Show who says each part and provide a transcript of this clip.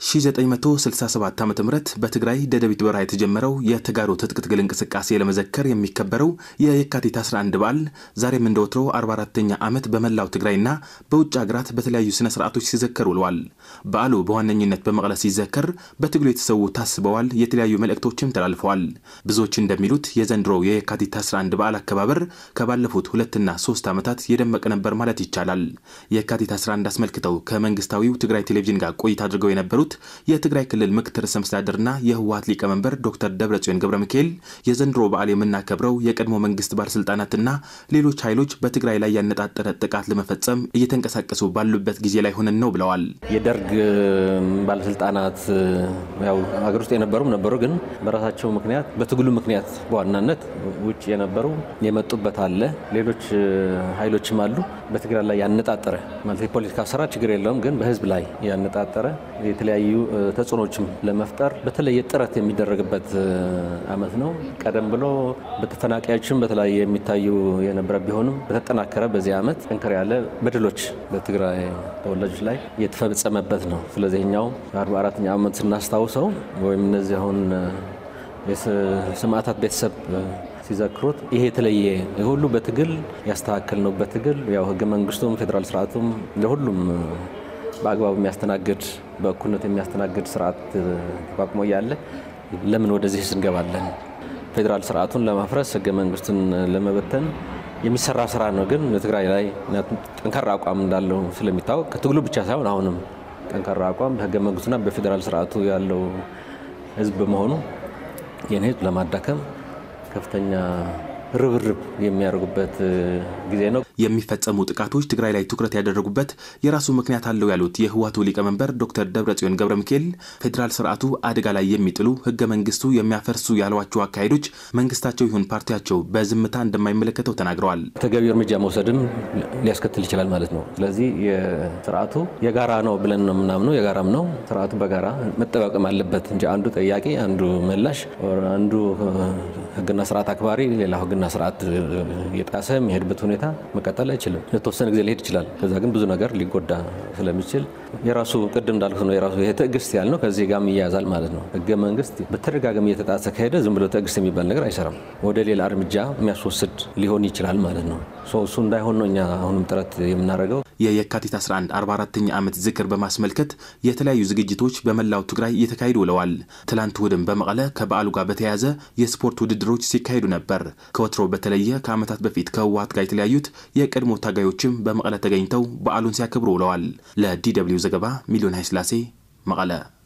Speaker 1: 1967 ዓ ም በትግራይ ደደቢት በረሃ የተጀመረው የተጋሩ ትጥቅ ትግል እንቅስቃሴ ለመዘከር የሚከበረው የየካቲት 11 በዓል ዛሬም እንደወትሮ 44ኛ ዓመት በመላው ትግራይና በውጭ ሀገራት በተለያዩ ስነ ስርዓቶች ሲዘከር ውለዋል። በዓሉ በዋነኝነት በመቀለ ሲዘከር በትግሉ የተሰዉ ታስበዋል፣ የተለያዩ መልእክቶችም ተላልፈዋል። ብዙዎች እንደሚሉት የዘንድሮ የየካቲት 11 በዓል አከባበር ከባለፉት ሁለትና ሶስት ዓመታት የደመቀ ነበር ማለት ይቻላል። የካቲት 11 አስመልክተው ከመንግስታዊው ትግራይ ቴሌቪዥን ጋር ቆይታ አድርገው የነበሩት የተናገሩት የትግራይ ክልል ምክትል ርዕሰ መስተዳድርና የህወሀት ሊቀመንበር ዶክተር ደብረጽዮን ገብረ ሚካኤል የዘንድሮ በዓል የምናከብረው የቀድሞ መንግስት ባለስልጣናትና ሌሎች ኃይሎች በትግራይ ላይ ያነጣጠረ ጥቃት ለመፈጸም እየተንቀሳቀሱ ባሉበት ጊዜ ላይ ሆነን ነው ብለዋል። የደርግ
Speaker 2: ባለስልጣናት ያው ሀገር ውስጥ የነበሩም ነበሩ፣ ግን በራሳቸው ምክንያት በትግሉ ምክንያት በዋናነት ውጭ የነበሩ የመጡበት አለ። ሌሎች ኃይሎችም አሉ። በትግራይ ላይ ያነጣጠረ ማለት የፖለቲካ ስራ ችግር የለውም፣ ግን በህዝብ ላይ ያነጣጠረ የተለያዩ ተጽዕኖዎችም ለመፍጠር በተለየ ጥረት የሚደረግበት አመት ነው። ቀደም ብሎ በተፈናቃዮችም በተለያየ የሚታዩ የነበረ ቢሆንም በተጠናከረ በዚህ አመት ጠንከር ያለ በድሎች በትግራይ ተወላጆች ላይ የተፈጸመበት ነው። ስለዚህ እኛው 44ኛ አመት ስናስታውሰው ወይም እነዚህ አሁን የሰማዕታት ቤተሰብ ሲዘክሩት ይሄ የተለየ ሁሉ በትግል ያስተካከል ነው። በትግል ያው ህገ መንግስቱም ፌዴራል ስርዓቱም ለሁሉም በአግባቡ የሚያስተናግድ በእኩልነት የሚያስተናግድ ስርዓት ተቋቁሞ እያለ ለምን ወደዚህ ስንገባለን? ፌዴራል ስርዓቱን ለማፍረስ ህገ መንግስቱን ለመበተን የሚሰራ ስራ ነው። ግን በትግራይ ላይ ጠንካራ አቋም እንዳለው ስለሚታወቅ ከትግሉ ብቻ ሳይሆን አሁንም ጠንካራ አቋም በህገ መንግስቱና በፌዴራል ስርዓቱ ያለው ህዝብ በመሆኑ የኔ ህዝብ ለማዳከም
Speaker 1: ከፍተኛ ርብርብ የሚያደርጉበት ጊዜ ነው። የሚፈጸሙ ጥቃቶች ትግራይ ላይ ትኩረት ያደረጉበት የራሱ ምክንያት አለው ያሉት የህወሓቱ ሊቀመንበር ዶክተር ደብረጽዮን ገብረ ሚካኤል ፌዴራል ስርዓቱ አደጋ ላይ የሚጥሉ ህገ መንግስቱ የሚያፈርሱ ያሏቸው አካሄዶች መንግስታቸው ይሁን ፓርቲያቸው በዝምታ እንደማይመለከተው ተናግረዋል። ተገቢ እርምጃ መውሰድም ሊያስከትል
Speaker 2: ይችላል ማለት ነው። ስለዚህ የስርዓቱ የጋራ ነው ብለን ነው የምናምነው። የጋራም ነው ስርዓቱ በጋራ መጠባቀም አለበት እንጂ አንዱ ጠያቂ አንዱ መላሽ አንዱ ህግና ስርዓት አክባሪ ሌላው ህግና ስርዓት የጣሰ የሚሄድበት ሁኔታ መቀጠል አይችልም። ለተወሰነ ጊዜ ሊሄድ ይችላል። ከዛ ግን ብዙ ነገር ሊጎዳ ስለሚችል የራሱ ቅድም እንዳልኩት ነው የራሱ ይሄ ትዕግስት ያል ነው ከዚህ ጋር ይያያዛል ማለት ነው። ህገ መንግስት በተደጋጋሚ እየተጣሰ ከሄደ ዝም ብሎ ትዕግስት የሚባል ነገር አይሰራም።
Speaker 1: ወደ ሌላ እርምጃ የሚያስወስድ ሊሆን ይችላል ማለት ነው። እሱ እንዳይሆን ነው እኛ አሁንም ጥረት የምናደርገው። የየካቲት 11 44ኛ ዓመት ዝክር በማስመልከት የተለያዩ ዝግጅቶች በመላው ትግራይ እየተካሄዱ ውለዋል። ትላንት እሑድም በመቀለ ከበዓሉ ጋር በተያያዘ የስፖርት ውድድሮች ሲካሄዱ ነበር። ከወትሮ በተለየ ከዓመታት በፊት ከህወሀት ጋር የተለያዩት የቀድሞ ታጋዮችም በመቀለ ተገኝተው በዓሉን ሲያከብሩ ውለዋል። ለዲ زغبا مليون هاي سلاسي مغالا